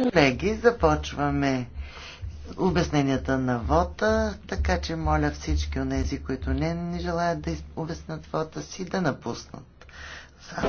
Колеги, започваме обясненията на вота, така че моля всички от тези, които не, не желаят да обяснат вота си, да напуснат. За.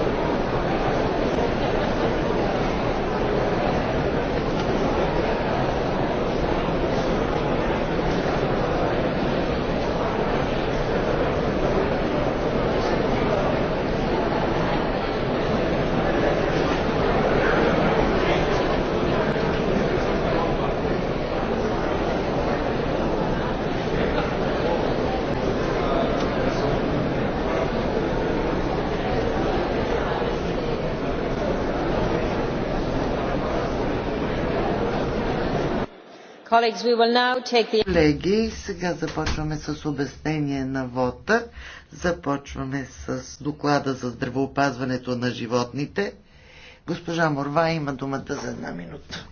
Колеги, сега започваме с обяснение на вота. Започваме с доклада за здравеопазването на животните. Госпожа Морва има думата за една минута.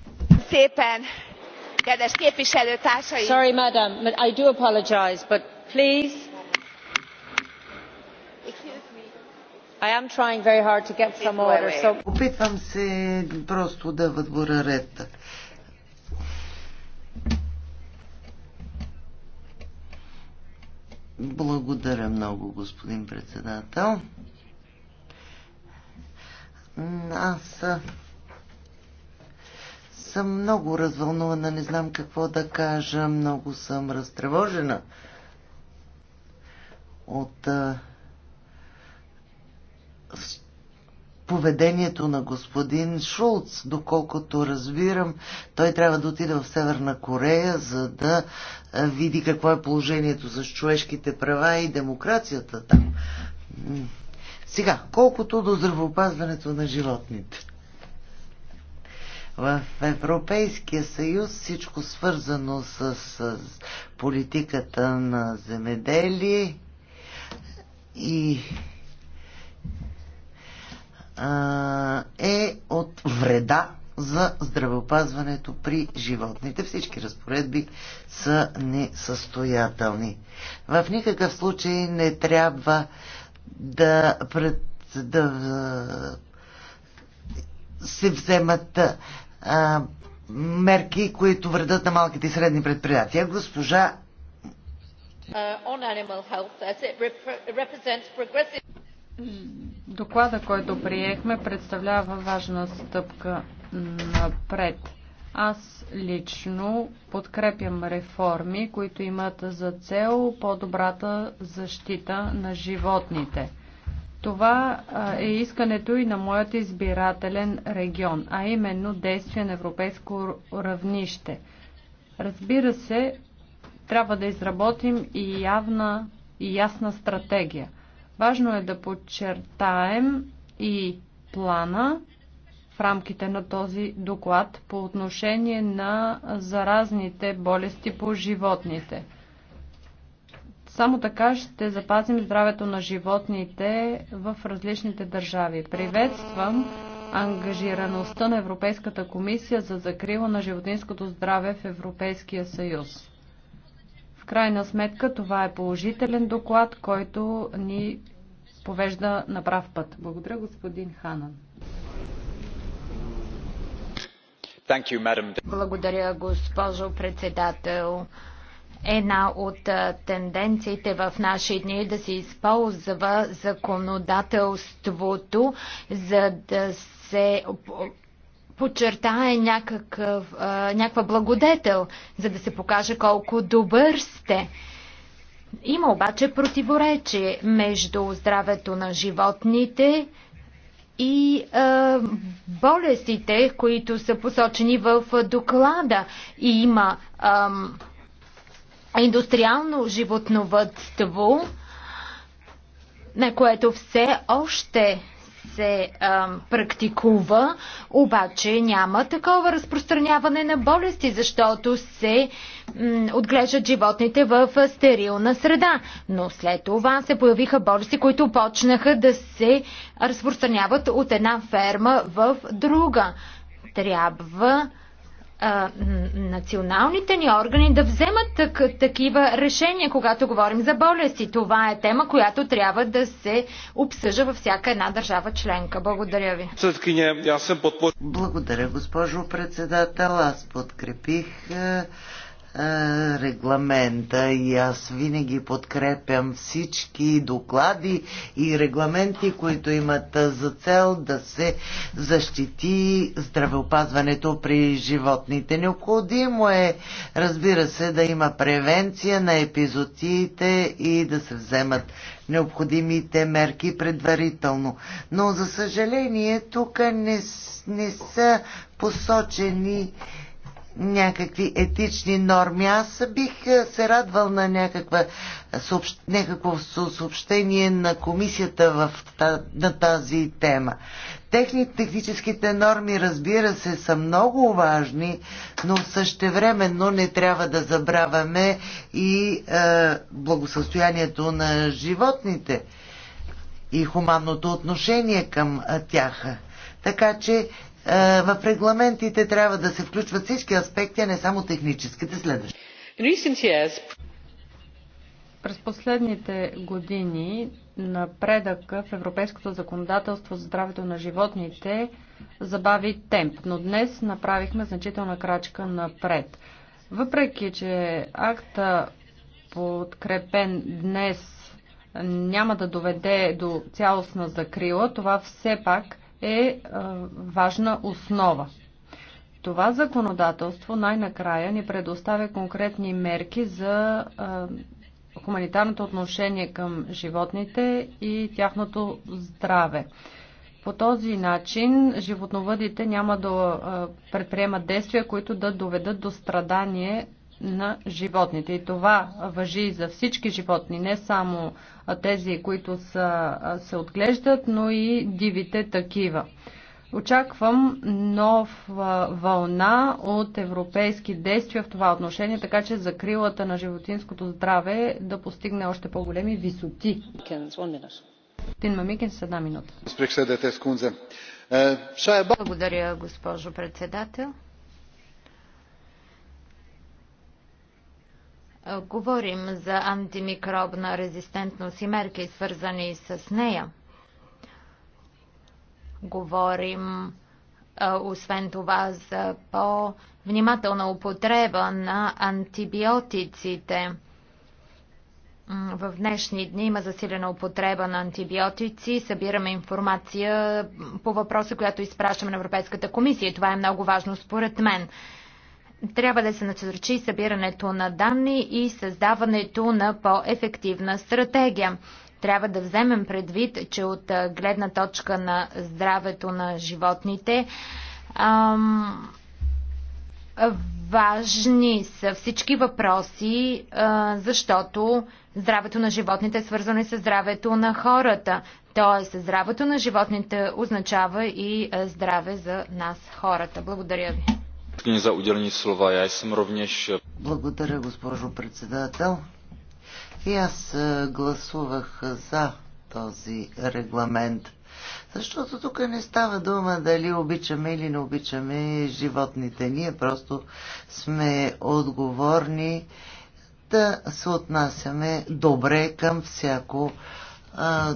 Sorry, madam, but I do apologize, but please. I am trying very hard to get some order, so... Опитвам се просто да въдбора ред. Благодаря много, господин председател. Аз съм много развълнувана, не знам какво да кажа, много съм разтревожена от поведението на господин Шулц. Доколкото разбирам, той трябва да отиде в Северна Корея, за да види какво е положението за човешките права и демокрацията там. Сега, колкото до здравеопазването на животните. В Европейския съюз всичко свързано с, с политиката на земеделие и е от вреда за здравеопазването при животните. Всички разпоредби са несъстоятелни. В никакъв случай не трябва да, пред, да се вземат а, мерки, които вредят на малките и средни предприятия. Госпожа uh, on animal health as it rep represents progressive Доклада, който приехме, представлява важна стъпка напред. Аз лично подкрепям реформи, които имат за цел по-добрата защита на животните. Това е искането и на моят избирателен регион, а именно действие на европейско равнище. Разбира се, трябва да изработим и явна и ясна стратегия. Важно е да подчертаем и плана в рамките на този доклад по отношение на заразните болести по животните. Само така ще запазим здравето на животните в различните държави. Приветствам ангажираността на Европейската комисия за закрила на животинското здраве в Европейския съюз крайна сметка това е положителен доклад, който ни повежда на прав път. Благодаря, господин Ханан. Благодаря, госпожо председател. Една от тенденциите в наши дни е да се използва законодателството, за да се подчертае някакъв, а, някаква благодетел, за да се покаже колко добър сте. Има обаче противоречие между здравето на животните и а, болестите, които са посочени в доклада. И има а, индустриално животновътство, на което все още се а, практикува, обаче няма такова разпространяване на болести, защото се м, отглеждат животните в стерилна среда. Но след това се появиха болести, които почнаха да се разпространяват от една ферма в друга. Трябва а, националните ни органи да вземат так, такива решения, когато говорим за болести. Това е тема, която трябва да се обсъжа във всяка една държава членка. Благодаря ви. Благодаря, госпожо председател. Аз подкрепих е, е, регламента и аз винаги подкрепям всички доклади и регламенти, които имат за цел да се защити здравеопазването при животните. Необходимо е, разбира се, да има превенция на епизодиите и да се вземат необходимите мерки предварително. Но, за съжаление, тук не, не са посочени някакви етични норми. Аз бих е, се радвал на някаква, съобщ, някакво съобщение на комисията в, на тази тема. Техни, техническите норми, разбира се, са много важни, но същевременно не трябва да забравяме и е, благосъстоянието на животните и хуманното отношение към е, тях. Така че е, в регламентите трябва да се включват всички аспекти, а не само техническите следващи. През последните години напредъка в европейското законодателство за здравето на животните забави темп, но днес направихме значителна крачка напред. Въпреки, че акта подкрепен днес няма да доведе до цялостна закрила, това все пак е, е важна основа. Това законодателство най-накрая ни предоставя конкретни мерки за е, хуманитарното отношение към животните и тяхното здраве. По този начин животновъдите няма да е, предприемат действия, които да доведат до страдание на животните. И това въжи за всички животни, не само тези, които са, се отглеждат, но и дивите такива. Очаквам нов вълна от европейски действия в това отношение, така че закрилата на животинското здраве да постигне още по-големи висоти. Тин Мамикин с една минута. Е, Благодаря, госпожо председател. Е, говорим за антимикробна резистентност и мерки, свързани с нея. Говорим е, освен това за по-внимателна употреба на антибиотиците. В днешни дни има засилена употреба на антибиотици. Събираме информация по въпроса, която изпращаме на Европейската комисия. Това е много важно според мен. Трябва да се насърчи събирането на данни и създаването на по-ефективна стратегия. Трябва да вземем предвид, че от гледна точка на здравето на животните, ам, важни са всички въпроси, защото здравето на животните е свързано и с здравето на хората. Тоест, здравето на животните означава и здраве за нас, хората. Благодаря ви. Eh, Благодаря, госпожо председател. И аз е, гласувах за този регламент. Защото тук не става дума дали обичаме или не обичаме животните. Ние просто сме отговорни да се отнасяме добре към всяко а,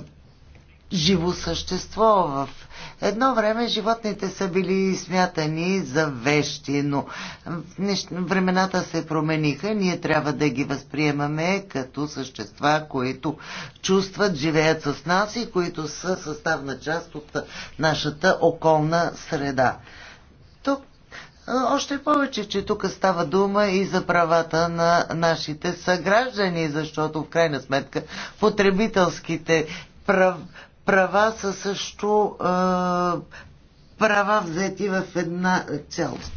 живо същество. В едно време животните са били смятани за вещи, но времената се промениха. Ние трябва да ги възприемаме като същества, които чувстват, живеят с нас и които са съставна част от нашата околна среда. Тук още повече, че тук става дума и за правата на нашите съграждани, защото в крайна сметка потребителските прав, права са също а, права взети в една цялост.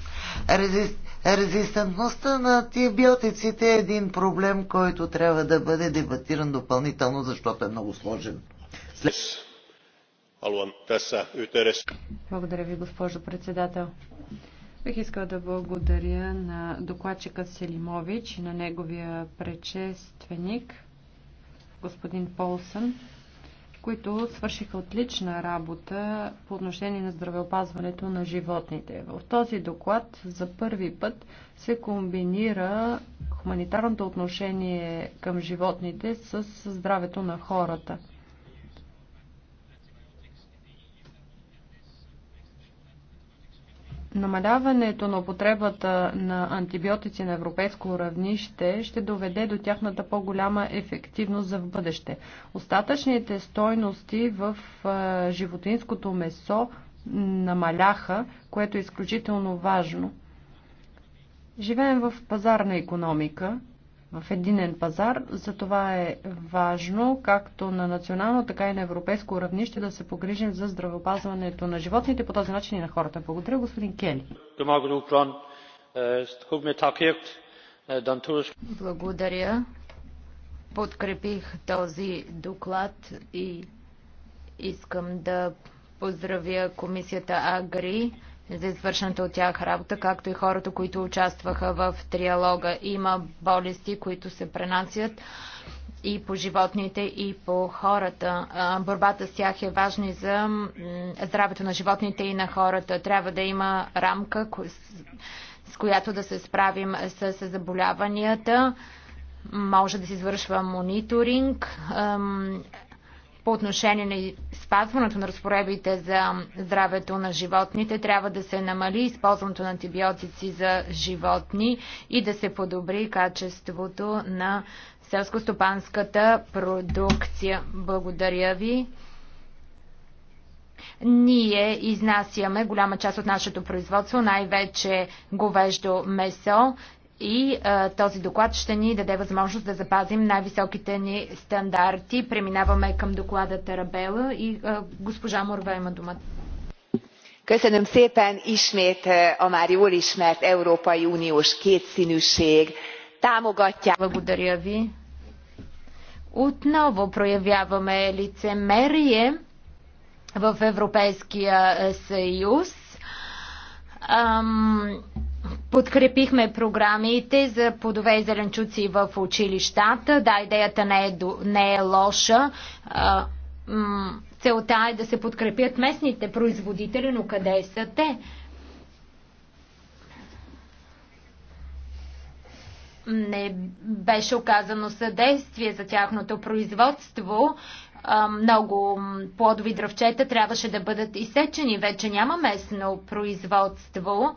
резистентността на антибиотиците е един проблем, който трябва да бъде дебатиран допълнително, защото е много сложен. След... Благодаря ви, госпожо председател. Бих искал да благодаря на докладчика Селимович и на неговия предшественик, господин Полсън които свършиха отлична работа по отношение на здравеопазването на животните. В този доклад за първи път се комбинира хуманитарното отношение към животните с здравето на хората. Намаляването на употребата на антибиотици на европейско равнище ще доведе до тяхната по-голяма ефективност за в бъдеще. Остатъчните стойности в животинското месо намаляха, което е изключително важно. Живеем в пазарна економика в единен пазар. Затова е важно, както на национално, така и на европейско равнище, да се погрижим за здравеопазването на животните, по този начин и на хората. Благодаря, господин Кели. Благодаря. Подкрепих този доклад и искам да поздравя комисията Агри за извършената от тях работа, както и хората, които участваха в триалога. Има болести, които се пренасят и по животните, и по хората. Борбата с тях е важна и за здравето на животните и на хората. Трябва да има рамка, с която да се справим с заболяванията. Може да се извършва мониторинг по отношение на спазването на разпоредбите за здравето на животните, трябва да се намали използването на антибиотици за животни и да се подобри качеството на селскостопанската продукция. Благодаря ви. Ние изнасяме голяма част от нашето производство, най-вече говеждо месо и а, този доклад ще ни даде възможност да запазим най-високите ни стандарти. Преминаваме към доклада Тарабела и а, госпожа Морва има думата. Köszönöm szépen ismét a már jól ismert Európai Uniós kétszínűség támogatja. Благодаря ви. Отново проявяваме лицемерие в Европейския съюз. Ам Подкрепихме програмите за плодове и зеленчуци в училищата. Да, идеята не е, не е лоша. Целта е да се подкрепят местните производители, но къде са те? Не беше оказано съдействие за тяхното производство. Много плодови дравчета трябваше да бъдат изсечени. Вече няма местно производство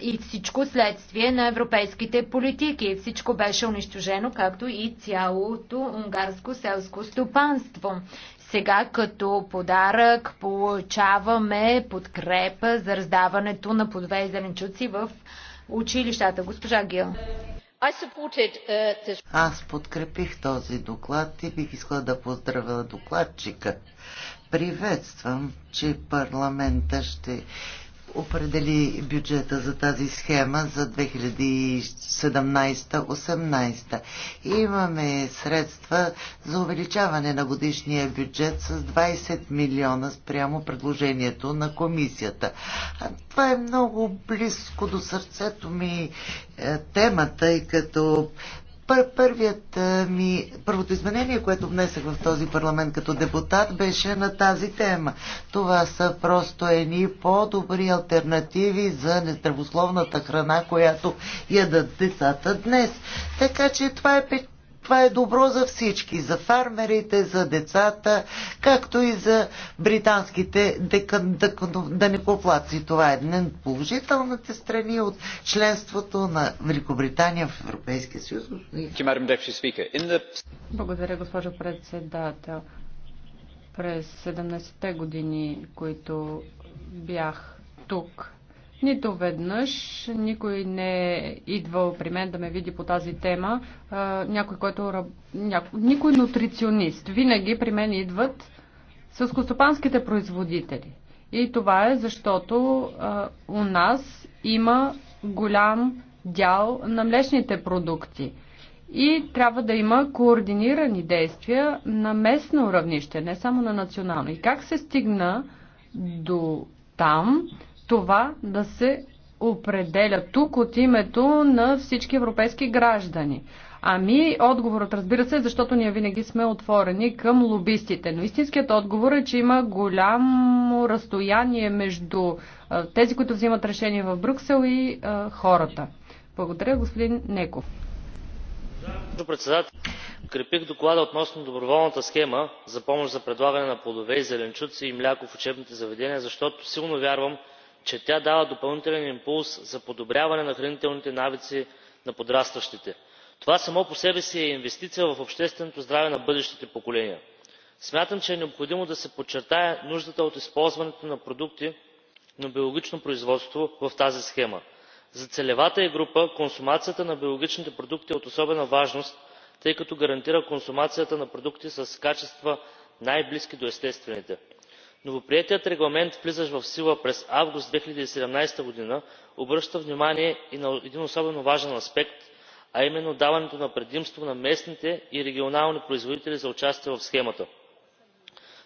и всичко следствие на европейските политики. Всичко беше унищожено, както и цялото унгарско селско стопанство. Сега като подарък получаваме подкрепа за раздаването на подвей зеленчуци в училищата. Госпожа Гил. Uh, Аз подкрепих този доклад и бих искала да поздравя докладчика. Приветствам, че парламента ще определи бюджета за тази схема за 2017-18. Имаме средства за увеличаване на годишния бюджет с 20 милиона спрямо предложението на комисията. Това е много близко до сърцето ми е, темата, тъй като Пър, първият ми, първото изменение, което внесах в този парламент като депутат, беше на тази тема. Това са просто едни по-добри альтернативи за нездравословната храна, която ядат децата днес. Така че това е това е добро за всички, за фармерите, за децата, както и за британските данекоплаци. Това е една от положителните страни от членството на Великобритания в Европейския съюз. Благодаря, госпожо председател. През 17-те години, които бях тук нито веднъж никой не е идвал при мен да ме види по тази тема. А, някой, който. Няко, никой нутриционист. Винаги при мен идват сълскостопанските производители. И това е защото а, у нас има голям дял на млечните продукти. И трябва да има координирани действия на местно равнище, не само на национално. И как се стигна до там? това да се определя тук от името на всички европейски граждани? Ами, отговорът разбира се, е защото ние винаги сме отворени към лобистите. Но истинският отговор е, че има голямо разстояние между тези, които взимат решение в Брюксел и а, хората. Благодаря, господин Неков. Господин председател, крепих доклада относно доброволната схема за помощ за предлагане на плодове и зеленчуци и мляко в учебните заведения, защото силно вярвам, че тя дава допълнителен импулс за подобряване на хранителните навици на подрастващите. това само по себе си е инвестиция в общественото здраве на бъдещите поколения. смятам че е необходимо да се подчертае нуждата от използването на продукти на биологично производство в тази схема. за целевата ѝ група консумацията на биологичните продукти е от особена важност тъй като гарантира консумацията на продукти с качества най близки до естествените новоприетият регламент влизащ в сила през август две хиляди и седемнадесета година обръща внимание и на един особено важен аспект а именно даването на предимство на местните и регионални производители за участие в схемата.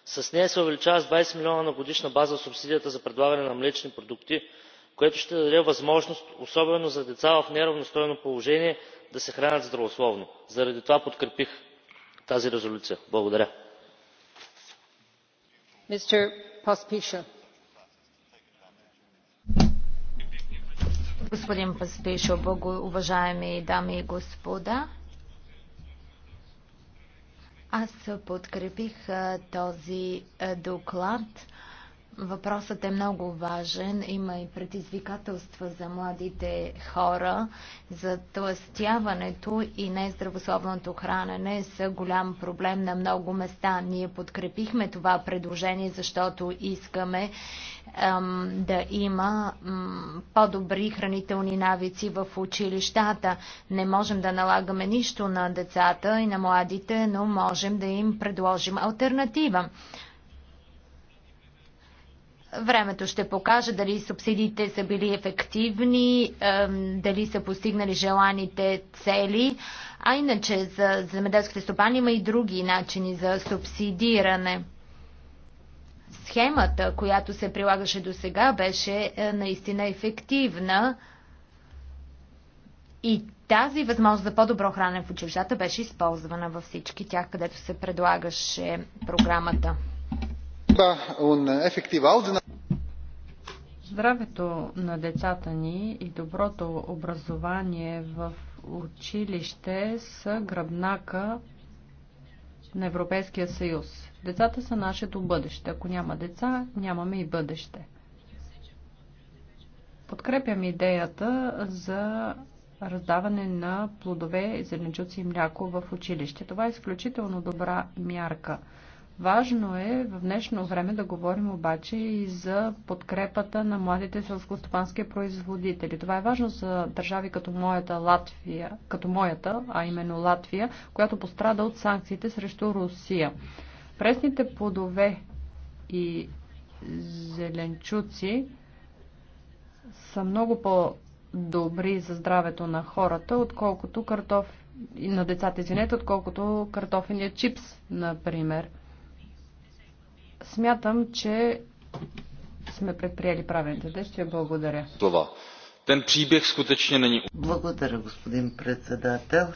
с нея се увеличава с двадесет милиона на годишна база субсидията за предлагане на млечни продукти което ще даде възможност особено за деца в неравностойно положение да се хранят здравословно. заради това подкрепих тази резолюция. благодаря. Господин Паспишо, уважаеми дами и господа, аз подкрепих този доклад Въпросът е много важен. Има и предизвикателства за младите хора. Затластяването и нездравословното хранене са голям проблем на много места. Ние подкрепихме това предложение, защото искаме ем, да има по-добри хранителни навици в училищата. Не можем да налагаме нищо на децата и на младите, но можем да им предложим альтернатива. Времето ще покаже дали субсидиите са били ефективни, дали са постигнали желаните цели, а иначе за земеделските стопани има и други начини за субсидиране. Схемата, която се прилагаше до сега, беше е, наистина ефективна и тази възможност за по-добро хранене в училищата беше използвана във всички тях, където се предлагаше програмата un efectiv Здравето на децата ни и доброто образование в училище са гръбнака на Европейския съюз. Децата са нашето бъдеще. Ако няма деца, нямаме и бъдеще. Подкрепям идеята за раздаване на плодове, зеленчуци и мляко в училище. Това е изключително добра мярка – Важно е в днешно време да говорим обаче и за подкрепата на младите селскостопански производители. Това е важно за държави като моята Латвия, като моята, а именно Латвия, която пострада от санкциите срещу Русия. Пресните плодове и зеленчуци са много по-добри за здравето на хората, отколкото картоф и на децата, извинете, отколкото картофения чипс, например – Смятам, че сме предприели правилните действия. Благодаря. Това. прибег скутечне skutečně ни... Благодаря, господин председател.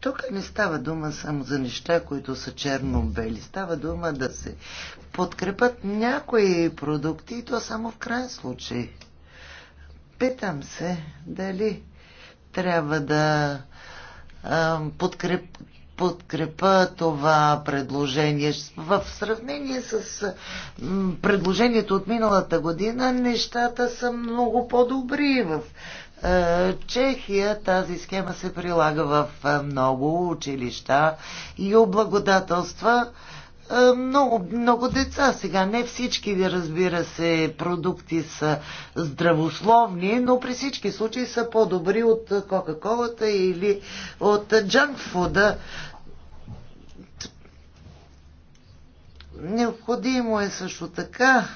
Тук не става дума само за неща, които са черно-бели. Става дума да се подкрепят някои продукти и то само в крайен случай. Питам се дали трябва да подкреп, подкрепа това предложение. В сравнение с предложението от миналата година, нещата са много по-добри. В е, Чехия тази схема се прилага в е, много училища и облагодателства е, много, много деца. Сега не всички, разбира се, продукти са здравословни, но при всички случаи са по-добри от Кока-Колата или от джанкфуда. Необходимо е също така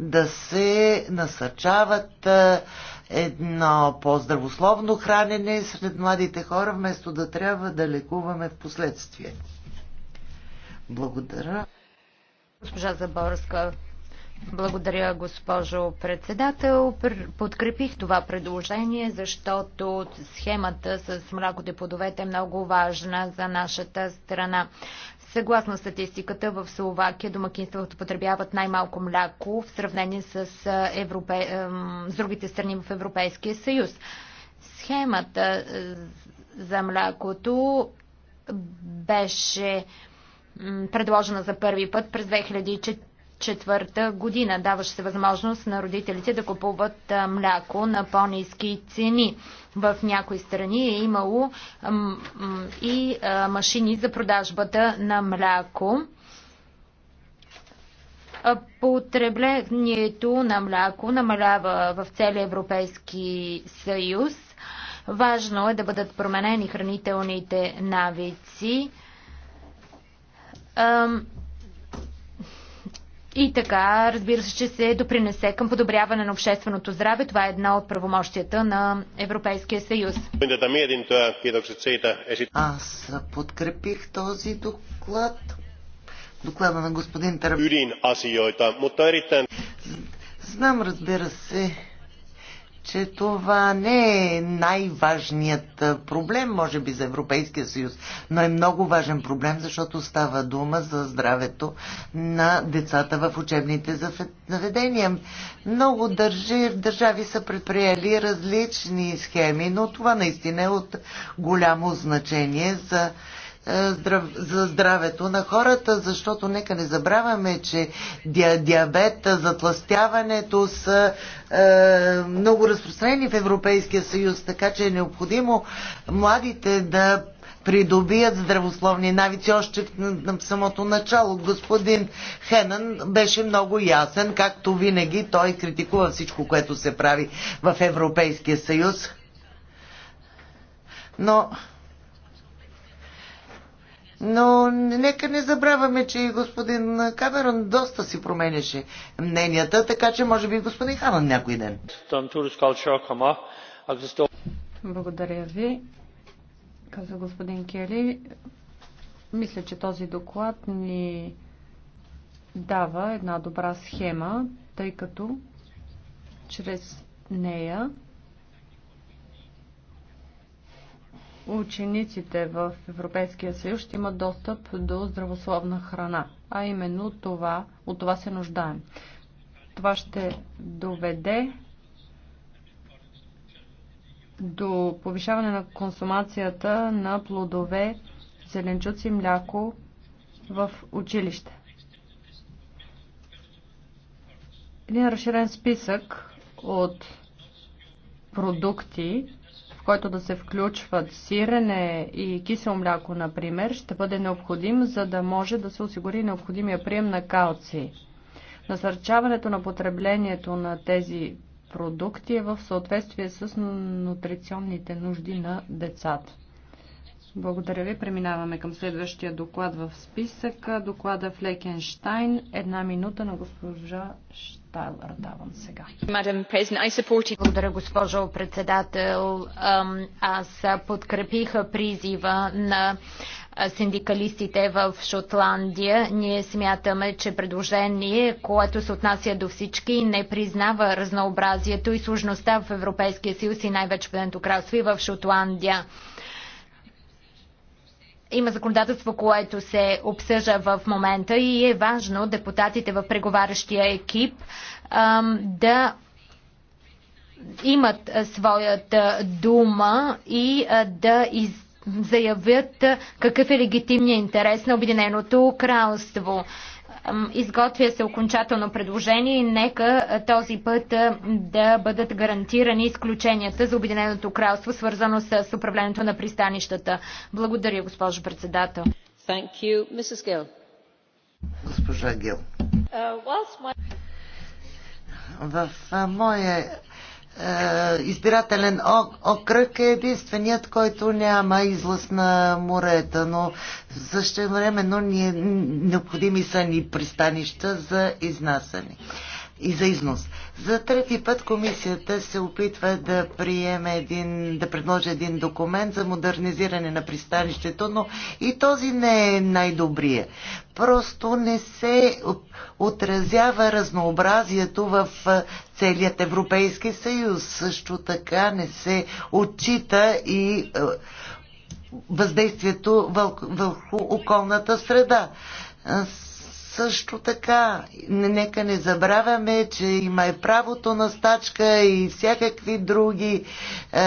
да се насъчават едно по-здравословно хранене сред младите хора, вместо да трябва да лекуваме в последствие. Благодаря. Госпожа Заборска, благодаря, госпожо председател. Подкрепих това предложение, защото схемата с млякото и плодовете е много важна за нашата страна. Съгласно статистиката, в Словакия домакинствата потребяват най-малко мляко в сравнение с, европе... с другите страни в Европейския съюз. Схемата за млякото беше предложена за първи път през 2004 четвърта година. Даваше се възможност на родителите да купуват мляко на по-низки цени. В някои страни е имало и машини за продажбата на мляко. Потреблението на мляко намалява в целия Европейски съюз. Важно е да бъдат променени хранителните навици. И така, разбира се, че се допринесе към подобряване на общественото здраве. Това е една от правомощията на Европейския съюз. Аз подкрепих този доклад. Доклада на господин Тараб. Знам, разбира се, че това не е най-важният проблем, може би, за Европейския съюз, но е много важен проблем, защото става дума за здравето на децата в учебните заведения. Много държи, държави са предприели различни схеми, но това наистина е от голямо значение за е, за здравето на хората, защото нека не забравяме, че диабета, затластяването са е, много разпространени в Европейския съюз, така че е необходимо младите да придобият здравословни навици още в самото начало. Господин Хенън беше много ясен, както винаги той критикува всичко, което се прави в Европейския съюз. Но но нека не забравяме, че и господин Камерон доста си променяше мненията, така че може би и господин Хаман някой ден. Благодаря ви, каза господин Кели. Мисля, че този доклад ни дава една добра схема, тъй като чрез нея учениците в Европейския съюз ще имат достъп до здравословна храна, а именно това, от това се нуждаем. Това ще доведе до повишаване на консумацията на плодове, зеленчуци, мляко в училище. Един разширен списък от продукти, който да се включват сирене и кисело мляко, например, ще бъде необходим, за да може да се осигури необходимия прием на калци. Насърчаването на потреблението на тези продукти е в съответствие с нутриционните нужди на децата. Благодаря ви. Преминаваме към следващия доклад в списъка. Доклада в Лекенштайн. Една минута на госпожа Штайн сега. Благодаря, госпожо председател. Аз подкрепих призива на синдикалистите в Шотландия. Ние смятаме, че предложение, което се отнася до всички, не признава разнообразието и сложността в Европейския съюз и най-вече в Кралство и в Шотландия има законодателство, което се обсъжда в момента и е важно депутатите в преговарящия екип да имат своята дума и да из... заявят какъв е легитимният интерес на Обединеното кралство. Изготвя се окончателно предложение и нека този път да бъдат гарантирани изключенията за Обединеното кралство, свързано с управлението на пристанищата. Благодаря, госпожо председател. You, Госпожа Гил. Uh, my... В моя е, избирателен окръг е единственият, който няма излъз на морета, но също ни е, необходими са ни пристанища за изнасяне и за износ. За трети път комисията се опитва да приеме един, да предложи един документ за модернизиране на пристанището, но и този не е най-добрия. Просто не се отразява разнообразието в целият Европейски съюз. Също така не се отчита и въздействието върху околната среда също така, нека не забравяме, че има и правото на стачка и всякакви други е,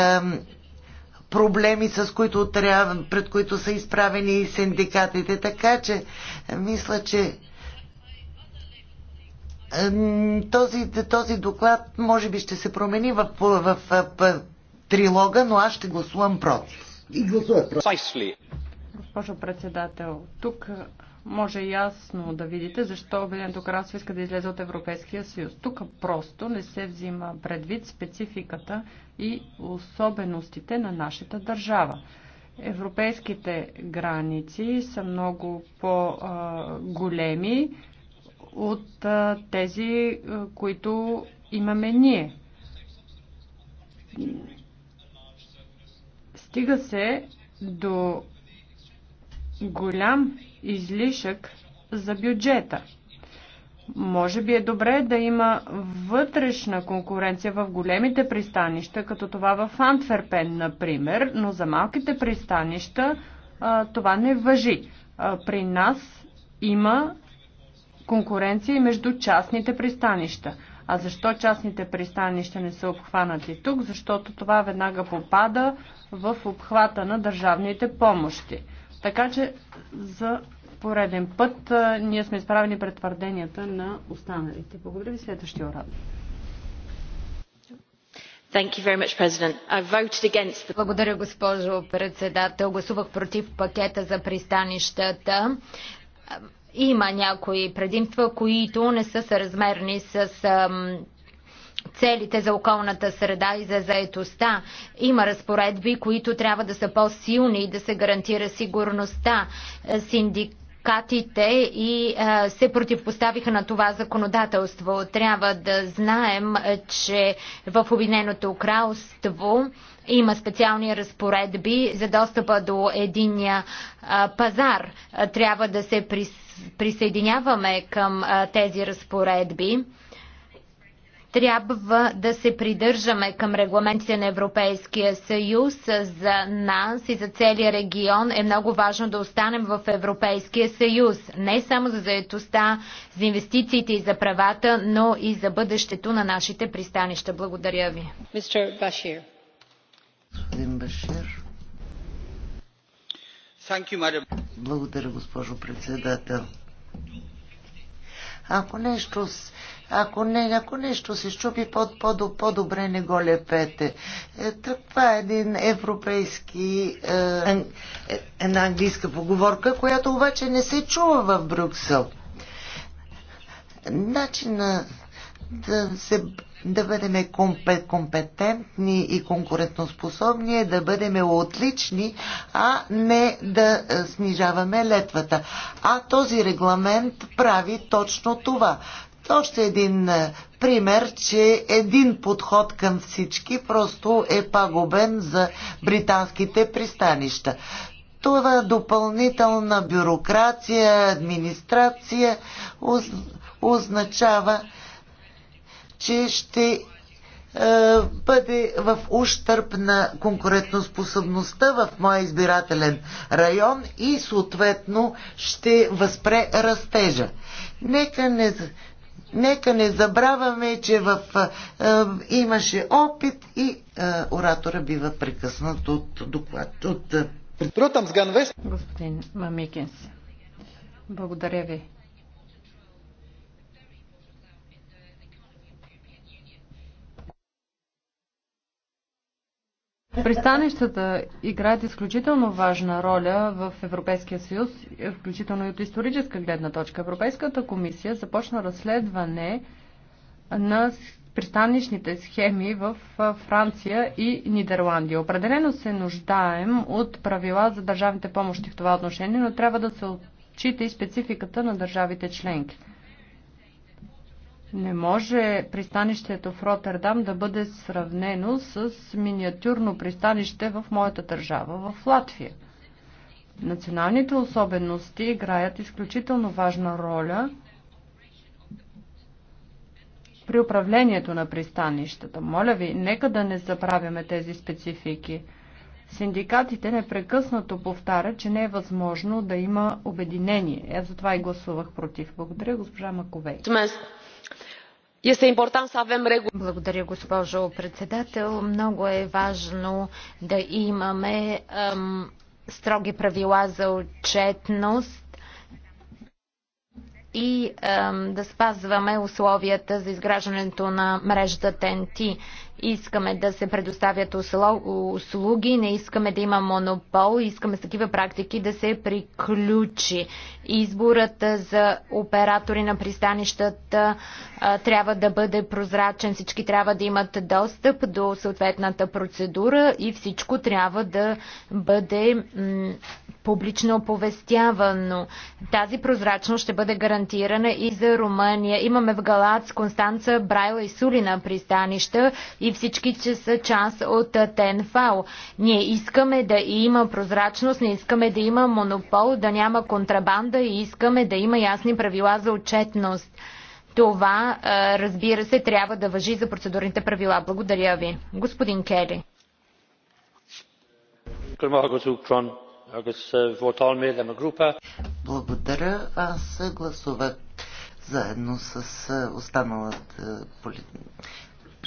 проблеми, с които трябва, пред които са изправени и синдикатите. Така че, мисля, че този, този доклад може би ще се промени в, в, в, в трилога, но аз ще гласувам против. И гласувам против. Госпожо председател, тук може ясно да видите защо Обединеното кралство иска да излезе от Европейския съюз. Тук просто не се взима предвид спецификата и особеностите на нашата държава. Европейските граници са много по-големи от тези, които имаме ние. Стига се до голям излишък за бюджета. Може би е добре да има вътрешна конкуренция в големите пристанища, като това в Антверпен, например, но за малките пристанища а, това не въжи. А, при нас има конкуренция и между частните пристанища. А защо частните пристанища не са обхванати тук? Защото това веднага попада в обхвата на държавните помощи. Така че за пореден път ние сме изправени пред твърденията на останалите. Благодаря ви следващия voted Against... Благодаря, госпожо председател. Гласувах против пакета за пристанищата. Има някои предимства, които не са съразмерни с целите за околната среда и за заетостта. Има разпоредби, които трябва да са по-силни и да се гарантира сигурността. Синдик синдикатите и е, се противопоставиха на това законодателство. Трябва да знаем, че в Обединеното кралство има специални разпоредби за достъпа до единия пазар. Трябва да се присъединяваме към тези разпоредби. Трябва да се придържаме към регламентите на Европейския съюз. За нас и за целия регион е много важно да останем в Европейския съюз. Не само за заедостта, за инвестициите и за правата, но и за бъдещето на нашите пристанища. Благодаря ви. Мистер Башир. Господин Башир. Благодаря, госпожо председател. Ако нещо ако, не, ако нещо се щупи, по-добре -по не го лепете. Е, това е един европейски, е, е, една английска поговорка, която обаче не се чува в Брюксел. Начина да се да бъдем компетентни и конкурентоспособни, да бъдем отлични, а не да снижаваме летвата. А този регламент прави точно това. Още един е, пример, че един подход към всички просто е пагубен за британските пристанища. Това допълнителна бюрокрация, администрация означава, че ще е, бъде в ущърп на конкурентоспособността в моя избирателен район и съответно ще възпре растежа. Нека не, Нека не забравяме, че в, а, имаше опит и а, оратора бива прекъснат от доклад. От... Господин Мамикинс, благодаря ви. Пристанищата играят изключително важна роля в Европейския съюз, включително и от историческа гледна точка. Европейската комисия започна разследване на пристанищните схеми в Франция и Нидерландия. Определено се нуждаем от правила за държавните помощи в това отношение, но трябва да се отчита и спецификата на държавите членки. Не може пристанището в Роттердам да бъде сравнено с миниатюрно пристанище в моята държава, в Латвия. Националните особености играят изключително важна роля при управлението на пристанищата. Моля ви, нека да не забравяме тези специфики. Синдикатите непрекъснато повтарят, че не е възможно да има обединение. Е, затова и гласувах против. Благодаря, госпожа Маковей. Este important să avem reguli. Благодаря, госпожо председател. Много е важно да имаме строги правила за отчетност и да спазваме условията за изграждането на мрежата ТНТ искаме да се предоставят услуги, не искаме да има монопол, искаме с такива практики да се приключи. Изборът за оператори на пристанищата трябва да бъде прозрачен, всички трябва да имат достъп до съответната процедура и всичко трябва да бъде публично оповестявано. Тази прозрачност ще бъде гарантирана и за Румъния. Имаме в Галац, Констанца, Брайла и Сулина пристанища и и всички, че са част от ТНФАО. Ние искаме да има прозрачност, не искаме да има монопол, да няма контрабанда и искаме да има ясни правила за отчетност. Това, разбира се, трябва да въжи за процедурните правила. Благодаря ви. Господин Кели. Благодаря. Аз гласувах заедно с останалата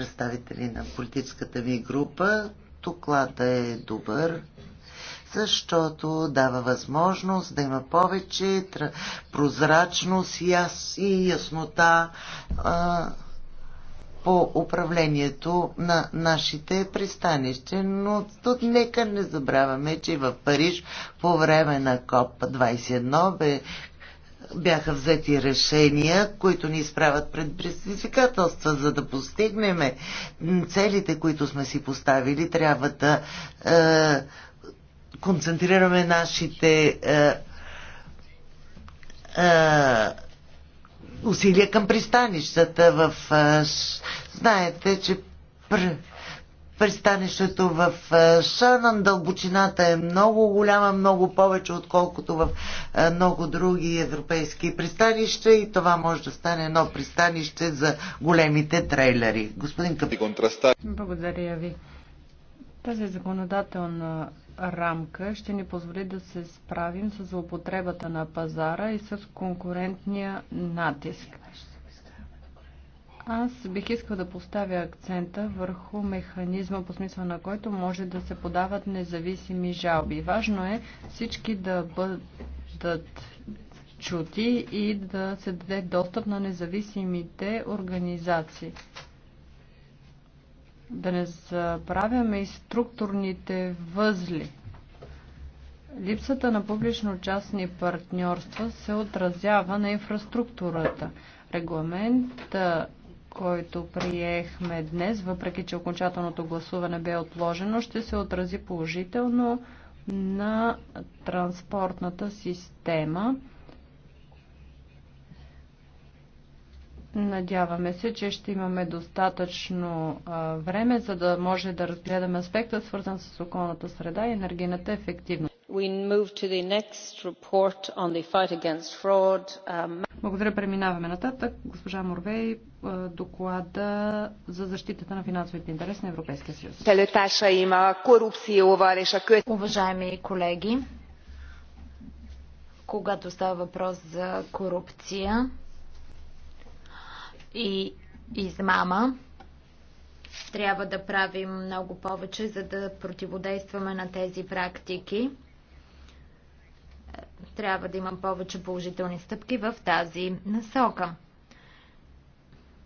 представители на политическата ми група. Доклада е добър, защото дава възможност да има повече прозрачност яс, и яснота а, по управлението на нашите пристанища. Но тук нека не забравяме, че в Париж по време на КОП 21 бе бяха взети решения, които ни изправят пред предизвикателства, за да постигнем целите, които сме си поставили, трябва да е, концентрираме нашите е, е, усилия към пристанищата в... Е, знаете, че пр- пристанището в е, Шанан. Дълбочината е много голяма, много повече, отколкото в е, много други европейски пристанища и това може да стане едно пристанище за големите трейлери. Господин Кап... Благодаря ви. Тази законодателна рамка ще ни позволи да се справим с злоупотребата на пазара и с конкурентния натиск. Аз бих искал да поставя акцента върху механизма, по смисъл на който може да се подават независими жалби. Важно е всички да бъдат чути и да се даде достъп на независимите организации. Да не забравяме и структурните възли. Липсата на публично-частни партньорства се отразява на инфраструктурата. Регламент който приехме днес, въпреки че окончателното гласуване бе отложено, ще се отрази положително на транспортната система. Надяваме се, че ще имаме достатъчно а, време, за да може да разгледаме аспекта, свързан с околната среда и енергийната ефективност. We move to the next report on the fight against fraud. Um... Благодаря. Преминаваме нататък. Госпожа Морвей, е, доклада за защитата на финансовите интереси на Европейския съюз. Телеташа има корупция Уважаеми колеги, когато става въпрос за корупция и измама, трябва да правим много повече, за да противодействаме на тези практики трябва да имам повече положителни стъпки в тази насока.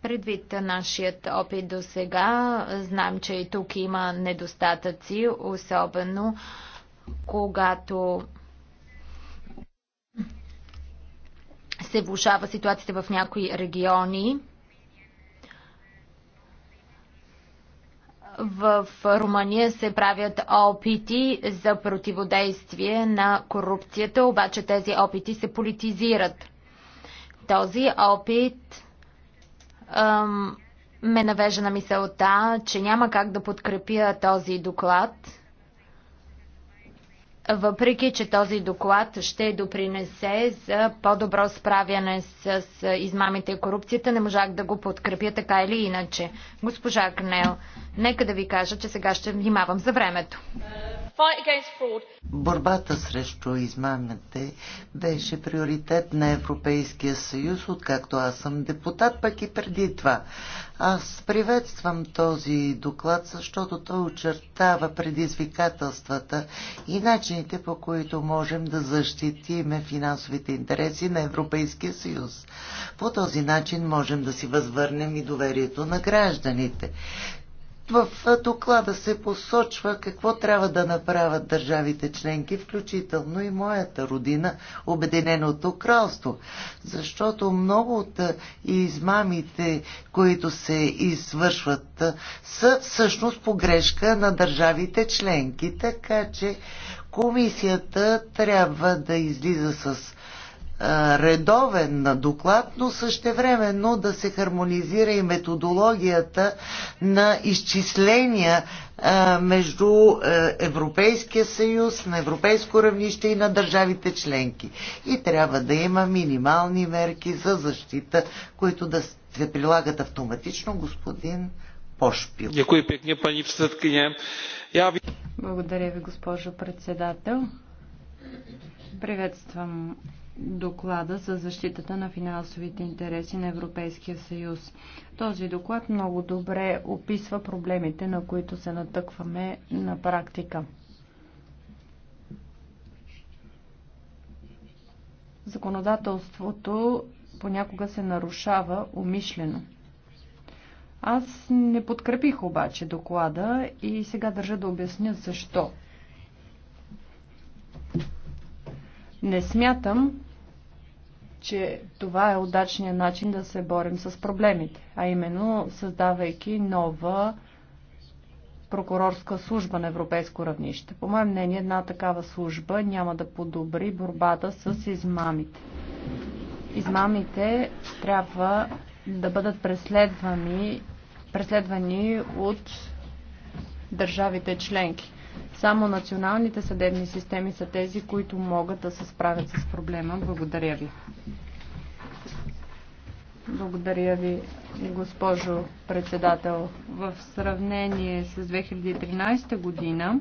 Предвид нашият опит до сега, знам, че и тук има недостатъци, особено когато се влушава ситуацията в някои региони. В Румъния се правят опити за противодействие на корупцията, обаче тези опити се политизират. Този опит ме навежа на мисълта, че няма как да подкрепя този доклад въпреки че този доклад ще допринесе за по-добро справяне с измамите и корупцията, не можах да го подкрепя така или иначе. Госпожа Кнел, нека да ви кажа, че сега ще внимавам за времето. Борбата срещу измамите беше приоритет на Европейския съюз, откакто аз съм депутат, пък и преди това. Аз приветствам този доклад, защото той очертава предизвикателствата и начините по които можем да защитиме финансовите интереси на Европейския съюз. По този начин можем да си възвърнем и доверието на гражданите. В доклада се посочва какво трябва да направят държавите членки, включително и моята родина, Обединеното кралство. Защото много от измамите, които се извършват, са всъщност погрешка на държавите членки. Така че комисията трябва да излиза с редовен доклад, но същевременно да се хармонизира и методологията на изчисления между Европейския съюз, на европейско равнище и на държавите членки. И трябва да има минимални мерки за защита, които да се прилагат автоматично, господин Пошпил. Благодаря ви, госпожо председател. Приветствам доклада за защитата на финансовите интереси на Европейския съюз. Този доклад много добре описва проблемите, на които се натъкваме на практика. Законодателството понякога се нарушава умишлено. Аз не подкрепих обаче доклада и сега държа да обясня защо. Не смятам, че това е удачният начин да се борим с проблемите, а именно създавайки нова прокурорска служба на европейско равнище. По мое мнение, една такава служба няма да подобри борбата с измамите. Измамите трябва да бъдат преследвани, преследвани от държавите членки. Само националните съдебни системи са тези, които могат да се справят с проблема. Благодаря ви. Благодаря ви, госпожо председател. В сравнение с 2013 година,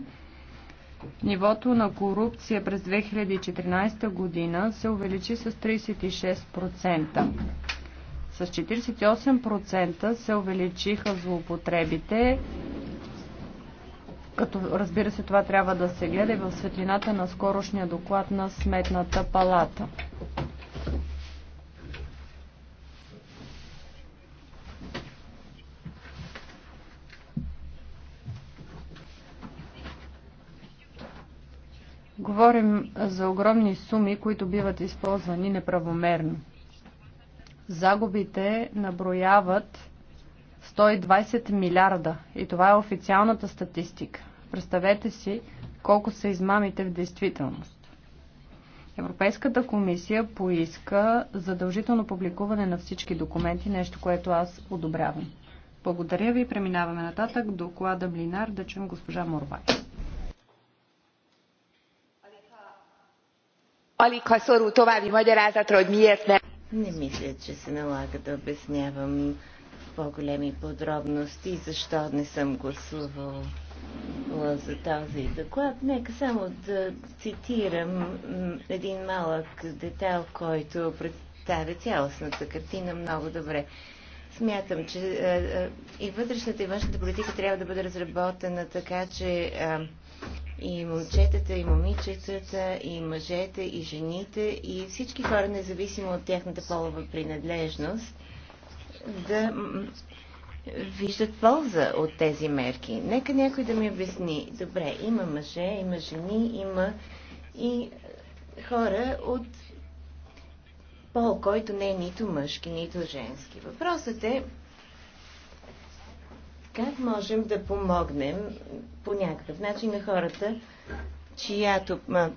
нивото на корупция през 2014 година се увеличи с 36%. С 48% се увеличиха злоупотребите, като разбира се това трябва да се гледа и в светлината на скорошния доклад на Сметната палата. Говорим за огромни суми, които биват използвани неправомерно. Загубите наброяват 120 милиарда. И това е официалната статистика. Представете си колко са измамите в действителност. Европейската комисия поиска задължително публикуване на всички документи, нещо, което аз одобрявам. Благодаря ви. Преминаваме нататък. Доклада Блинар да чуем госпожа Морвай. Не мисля, че се налага да обяснявам по-големи подробности, защо не съм гласувал за този доклад. Нека само да цитирам един малък детайл, който представя цялостната картина много добре. Смятам, че е, е, и вътрешната и външната политика трябва да бъде разработена така, че е, и момчетата, и момичетата, и мъжете, и жените, и всички хора, независимо от тяхната полова принадлежност – да виждат полза от тези мерки. Нека някой да ми обясни. Добре, има мъже, има жени, има и хора от пол, който не е нито мъжки, нито женски. Въпросът е как можем да помогнем по някакъв начин на хората, чиято а,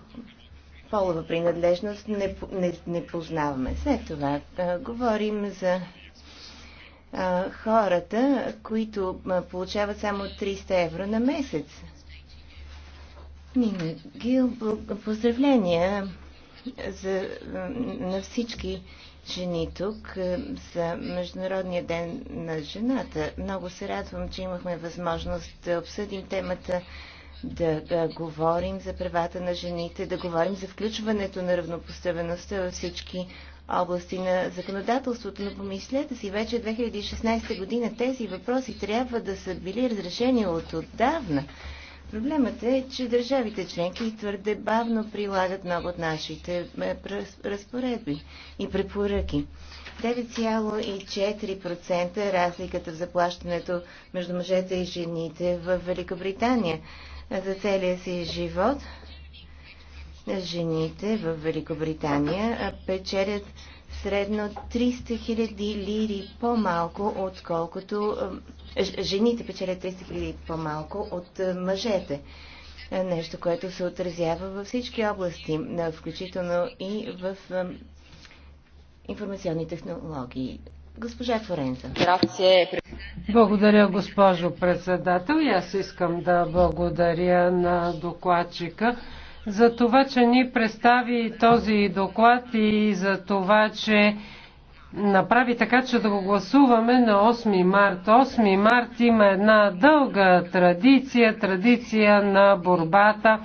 полова принадлежност не, не, не познаваме. След това да говорим за а, хората, които получават само 300 евро на месец. Нина Гил, поздравления за, на всички жени тук за Международния ден на жената. Много се радвам, че имахме възможност да обсъдим темата, да, да говорим за правата на жените, да говорим за включването на равнопоставеността във всички области на законодателството, но помислете си, вече 2016 година тези въпроси трябва да са били разрешени от отдавна. Проблемът е, че държавите членки твърде бавно прилагат много от нашите е, разпоредби и препоръки. 9,4% е разликата в заплащането между мъжете и жените в Великобритания за целия си живот – жените в Великобритания печелят средно 300 хиляди лири по-малко, отколкото жените печелят 300 хиляди по-малко от мъжете. Нещо, което се отразява във всички области, включително и в информационни технологии. Госпожа Форенца. Благодаря, госпожо председател. И аз искам да благодаря на докладчика за това, че ни представи този доклад и за това, че направи така, че да го гласуваме на 8 март. 8 март има една дълга традиция, традиция на борбата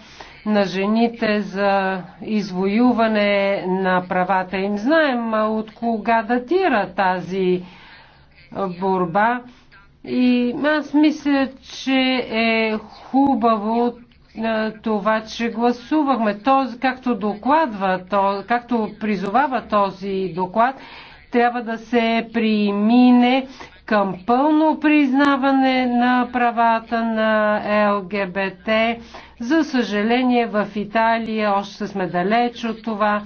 на жените за извоюване на правата им. Знаем от кога датира тази борба и аз мисля, че е хубаво е, това, че гласувахме. То, както докладва, то, както призовава този доклад, трябва да се примине към пълно признаване на правата на ЛГБТ. За съжаление, в Италия още сме далеч от това.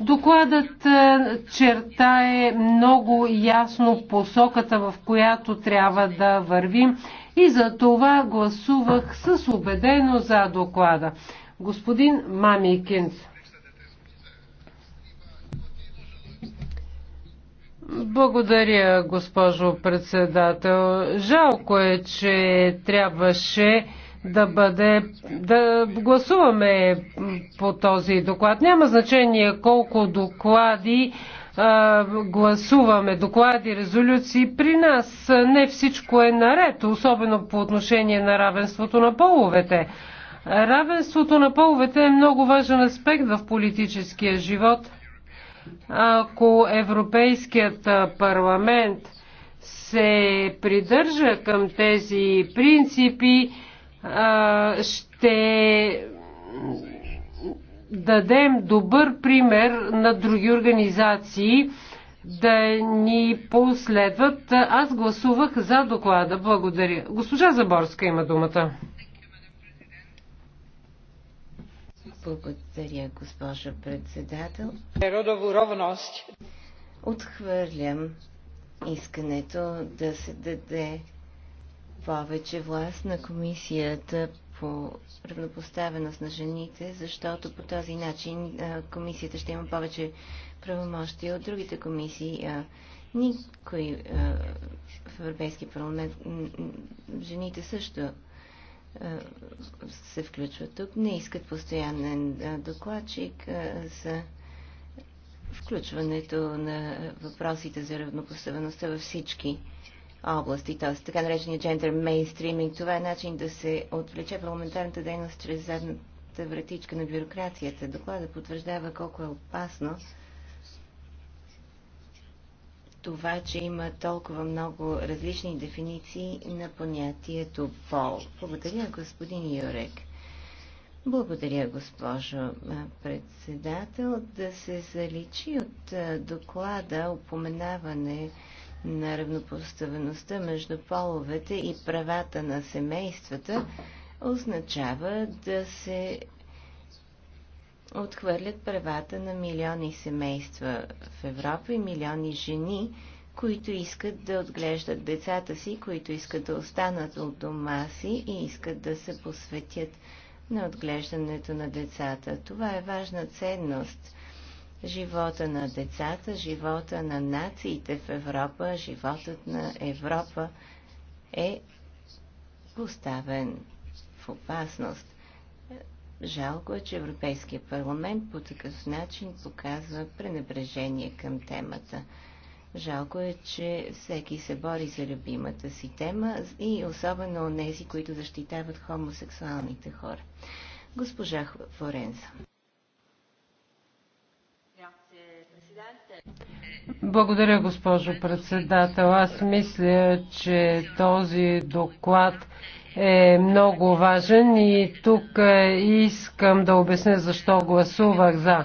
Докладът е, чертае много ясно посоката, в която трябва да вървим и за това гласувах с убедено за доклада. Господин Мамикинс. Благодаря, госпожо председател. Жалко е, че трябваше да бъде, да гласуваме по този доклад. Няма значение колко доклади гласуваме доклади, резолюции. При нас не всичко е наред, особено по отношение на равенството на половете. Равенството на половете е много важен аспект в политическия живот. Ако Европейският парламент се придържа към тези принципи, ще дадем добър пример на други организации да ни последват. Аз гласувах за доклада. Благодаря. Госпожа Заборска има думата. Благодаря, госпожа председател. Отхвърлям искането да се даде повече власт на комисията по равнопоставеност на жените, защото по този начин комисията ще има повече правомощия от другите комисии. а Никой в Европейския парламент, жените също се включват тук, не искат постоянен докладчик за включването на въпросите за равнопоставеността във всички области, т.е. така наречения джендър мейнстриминг. Това е начин да се отвлече парламентарната дейност чрез задната вратичка на бюрокрацията. Доклада потвърждава колко е опасно това, че има толкова много различни дефиниции на понятието пол. Благодаря, господин Юрек. Благодаря, госпожо председател. Да се заличи от доклада упоменаване на равнопоставеността между половете и правата на семействата означава да се отхвърлят правата на милиони семейства в Европа и милиони жени, които искат да отглеждат децата си, които искат да останат от дома си и искат да се посветят на отглеждането на децата. Това е важна ценност живота на децата, живота на нациите в Европа, животът на Европа е поставен в опасност. Жалко е, че Европейския парламент по такъв начин показва пренебрежение към темата. Жалко е, че всеки се бори за любимата си тема и особено онези, които защитават хомосексуалните хора. Госпожа Форенза. Благодаря, госпожо председател. Аз мисля, че този доклад е много важен и тук искам да обясня защо гласувах за.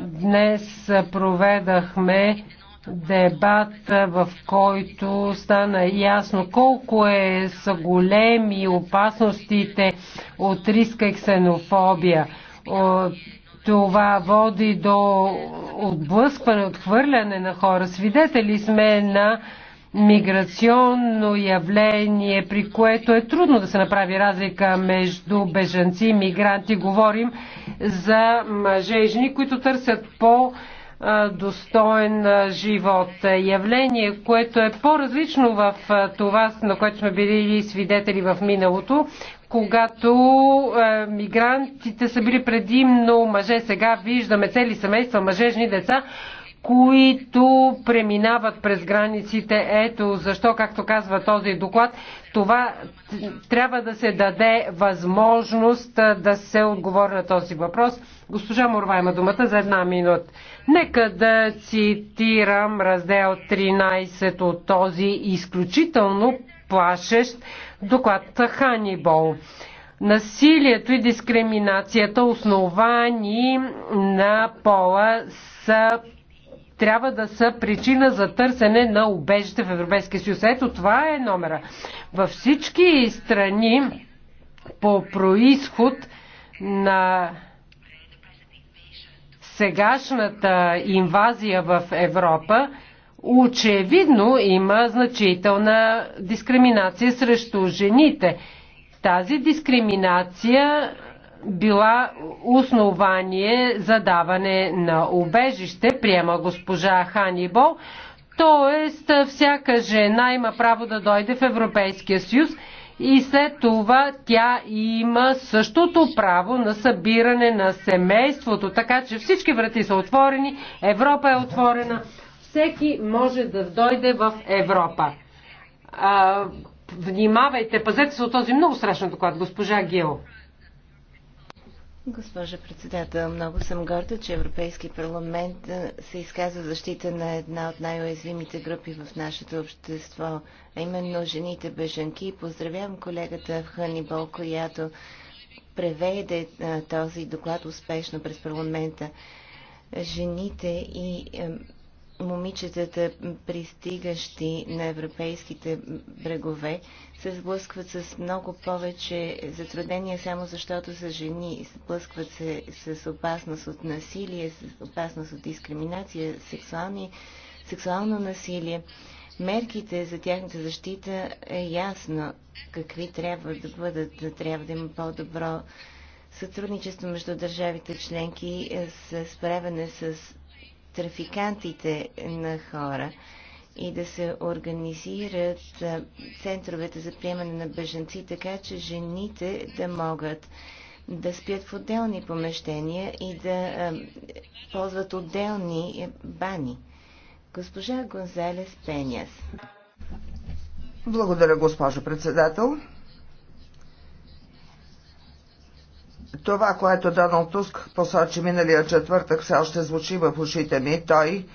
Днес проведахме дебат, в който стана ясно колко е са големи опасностите от риска и ксенофобия това води до отблъскване, отхвърляне на хора. Свидетели сме на миграционно явление, при което е трудно да се направи разлика между бежанци и мигранти. Говорим за мъже и жени, които търсят по- достоен живот. Явление, което е по-различно в това, на което сме били свидетели в миналото, когато е, мигрантите са били предимно мъже. Сега виждаме цели семейства, мъже, жени, деца, които преминават през границите. Ето защо, както казва този доклад, това трябва да се даде възможност да се отговори на този въпрос. Госпожа Морва има думата за една минут. Нека да цитирам раздел 13 от този изключително плашещ доклад Ханибол. Насилието и дискриминацията, основани на пола, са трябва да са причина за търсене на убежище в Европейския съюз. Ето това е номера. Във всички страни по происход на сегашната инвазия в Европа, очевидно има значителна дискриминация срещу жените. Тази дискриминация била основание за даване на убежище, приема госпожа Ханибол. Тоест, всяка жена има право да дойде в Европейския съюз и след това тя има същото право на събиране на семейството. Така че всички врати са отворени, Европа е отворена, всеки може да дойде в Европа. А, внимавайте, пазете се от този много страшен доклад, госпожа Гил. Госпожа председател, много съм горда, че Европейски парламент се изказа защита на една от най-уязвимите групи в нашето общество, а именно жените бежанки. Поздравявам колегата Ханибол, която преведе този доклад успешно през парламента. Жените и момичетата, пристигащи на европейските брегове, се сблъскват с много повече затруднения, само защото са жени. Сблъскват се с опасност от насилие, с опасност от дискриминация, сексуални, сексуално насилие. Мерките за тяхната защита е ясно какви трябва да бъдат. Трябва да има по-добро сътрудничество между държавите членки е, с справяне с трафикантите на хора и да се организират центровете за приемане на бежанци, така че жените да могат да спят в отделни помещения и да ползват отделни бани. Госпожа Гонзалес Пеняс. Благодаря, госпожо председател. Това, което Доналд Туск посочи миналия четвъртък, все още звучи в ушите ми. Той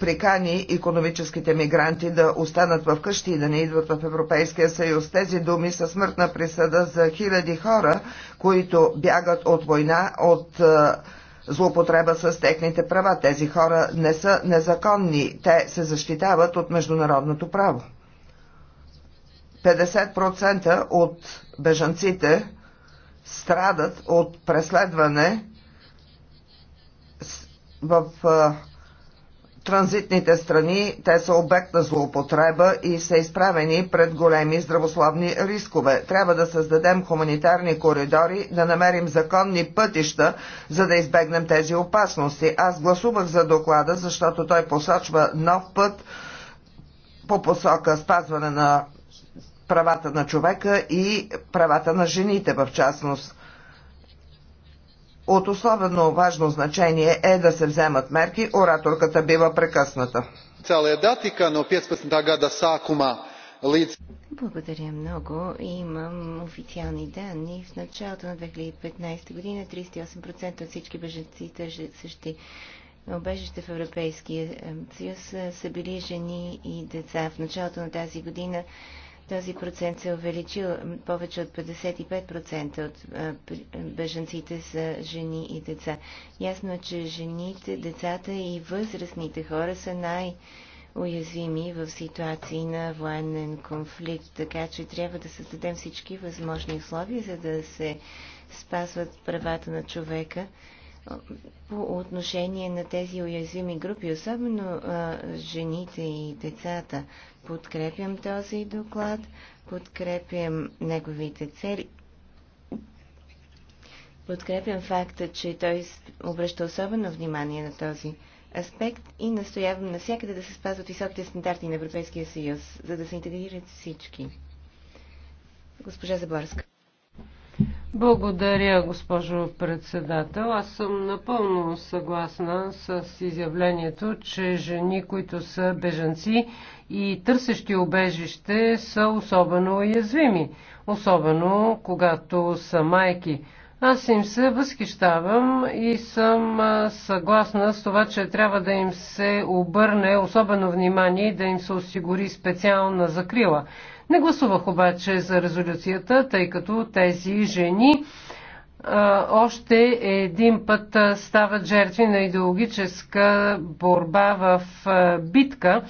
прикани економическите мигранти да останат в къщи и да не идват в Европейския съюз. Тези думи са смъртна присъда за хиляди хора, които бягат от война, от е, злоупотреба с техните права. Тези хора не са незаконни, те се защитават от международното право. 50% от бежанците страдат от преследване в транзитните страни, те са обект на злоупотреба и са изправени пред големи здравословни рискове. Трябва да създадем хуманитарни коридори, да намерим законни пътища, за да избегнем тези опасности. Аз гласувах за доклада, защото той посочва нов път по посока спазване на правата на човека и правата на жените в частност. От особено важно значение е да се вземат мерки, ораторката бива прекъсната. Е Благодаря много. Имам официални данни. В началото на 2015 година 38% от всички бежанци, търсещи обежище в Европейския е, съюз е, са били жени и деца. В началото на тази година този процент се е увеличил. Повече от 55% от беженците са жени и деца. Ясно е, че жените, децата и възрастните хора са най- уязвими в ситуации на военен конфликт, така че трябва да създадем всички възможни условия, за да се спазват правата на човека по отношение на тези уязвими групи, особено а, жените и децата. Подкрепям този доклад, подкрепям неговите цели. Подкрепям факта, че той обръща особено внимание на този аспект и настоявам навсякъде да се спазват високите стандарти на Европейския съюз, за да се интегрират всички. Госпожа Заборска. Благодаря, госпожо председател. Аз съм напълно съгласна с изявлението, че жени, които са бежанци и търсещи обежище, са особено уязвими, особено когато са майки. Аз им се възхищавам и съм съгласна с това, че трябва да им се обърне особено внимание и да им се осигури специална закрила. Не гласувах обаче за резолюцията, тъй като тези жени още един път стават жертви на идеологическа борба в битка.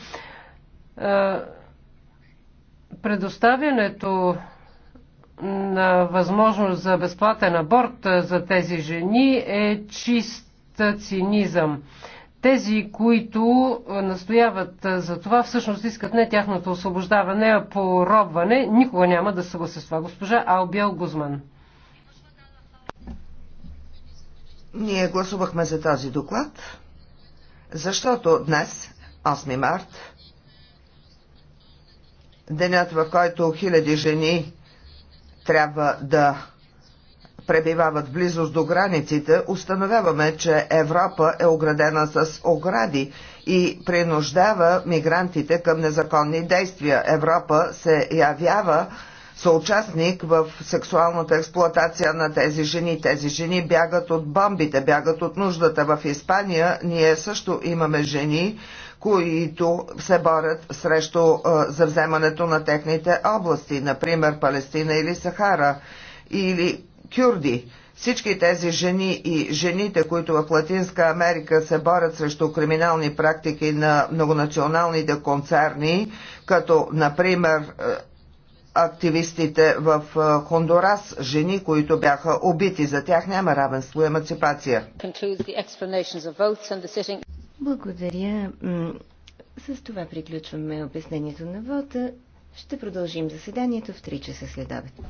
Предоставянето на възможност за безплатен аборт за тези жени е чист цинизъм. Тези, които настояват за това, всъщност искат не тяхното освобождаване, а поробване. Никога няма да съгласи с това. Госпожа Албиел Гузман. Ние гласувахме за този доклад, защото днес, 8 март, денят в който хиляди жени трябва да пребивават в близост до границите, установяваме, че Европа е оградена с огради и принуждава мигрантите към незаконни действия. Европа се явява съучастник в сексуалната експлоатация на тези жени. Тези жени бягат от бомбите, бягат от нуждата. В Испания ние също имаме жени, които се борят срещу завземането на техните области, например Палестина или Сахара или кюрди. Всички тези жени и жените, които в Латинска Америка се борят срещу криминални практики на многонационалните концерни, като например е, активистите в е, Хондурас, жени, които бяха убити. За тях няма равенство и емансипация. Благодаря. С това приключваме обяснението на вода. Ще продължим заседанието в 3 часа след обед.